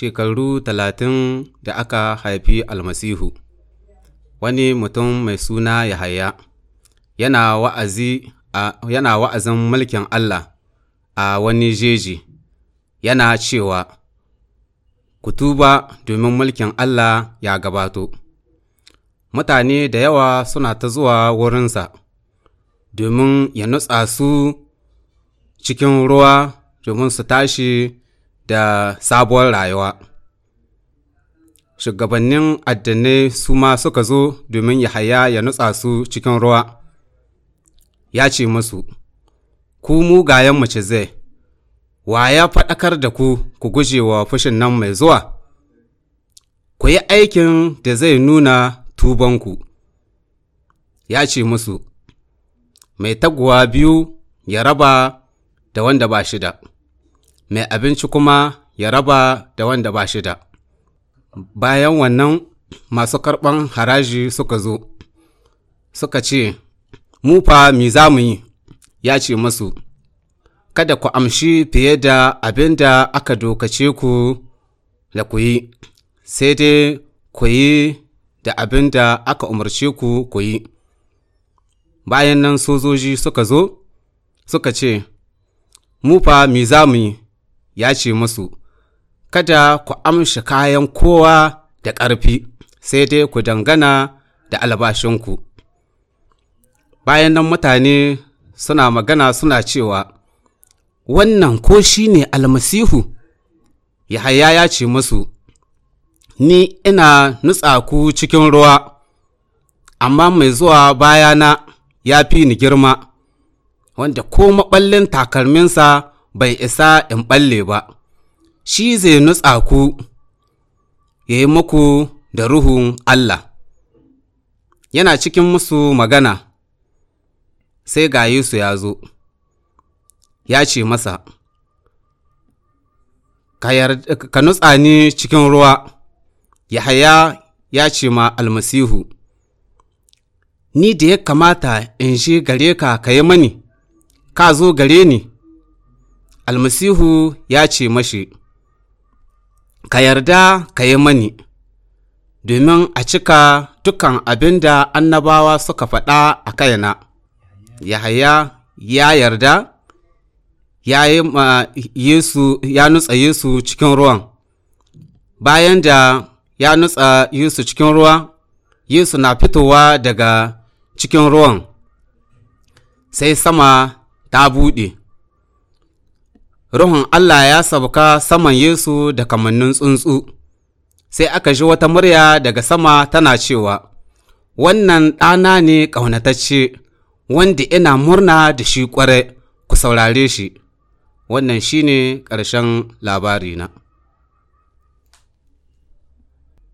shekaru talatin da aka haifi almasihu wani mutum mai suna yahaya yana yana wa'azin mulkin Allah a wani jeji yana cewa ku tuba domin mulkin Allah ya gabato mutane da yawa suna ta zuwa wurinsa domin ya nutsa su cikin ruwa domin su tashi da sabuwar rayuwa shugabannin addinai su ma suka zo domin ya haya ya nutsa su cikin ruwa ya ce musu ku mugayen mace zai wa ya faɗakar da ku ku guje wa fushin nan mai zuwa ku yi aikin da zai nuna tubanku ya ce musu mai taguwa biyu ya raba da wanda ba shida mai abinci kuma ya raba da wanda ba shi da. Bayan wannan masu karɓan haraji suka zo, suka ce, Mu mi za mu yi, ya ce masu, Kada ku amshi fiye da abin da aka dokace ku da ku yi, sai dai ku yi da abin da aka umarce ku ku yi. Bayan nan sojoji suka zo, suka ce, Mu mi za mu yi, ya ce musu, Kada ku amshi kayan kowa da ƙarfi, sai dai ku dangana da albashinku. Bayan nan mutane suna magana suna cewa, Wannan ko shi ne almasihu, Yahaya ya ce musu, Ni ina nutsa ku cikin ruwa, amma mai zuwa bayana ya fi ni girma, wanda ko maɓallin takalminsa bai isa in ɓalle ba, shi zai nutsa ku ya yi muku da Ruhun Allah. Yana cikin musu magana, sai ga Yesu ya zo, ya ce masa, Ka nutsa ni cikin ruwa, Yahaya ya ce ma almasihu, Ni da ya kamata in shi gare ka ka yi mani, ka zo gare ni. almasihu ya ce mashi, Ka yarda ka yi mani, domin a cika dukan abin da annabawa suka faɗa a kayana, Yahaya ya yarda, ya yi ma Yesu, ya nutsa Yesu cikin ruwan. Bayan da ya nutsa Yesu cikin ruwa, Yesu na fitowa daga cikin ruwan, sai sama ta buɗe. Ruhun Allah ya sauka saman Yesu da kamannin tsuntsu, sai aka ji wata murya daga sama tana cewa, Wannan ɗana ne ƙaunatacce, wanda ina murna da shi ƙware, ku saurare shi. Wannan shi ne ƙarshen labarina.